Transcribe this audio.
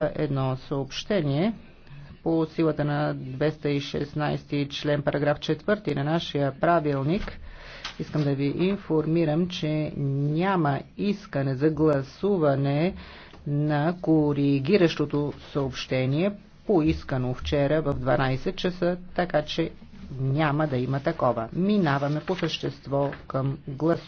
едно съобщение по силата на 216 член параграф 4 на нашия правилник. Искам да ви информирам, че няма искане за гласуване на коригиращото съобщение, поискано вчера в 12 часа, така че няма да има такова. Минаваме по същество към гласуване.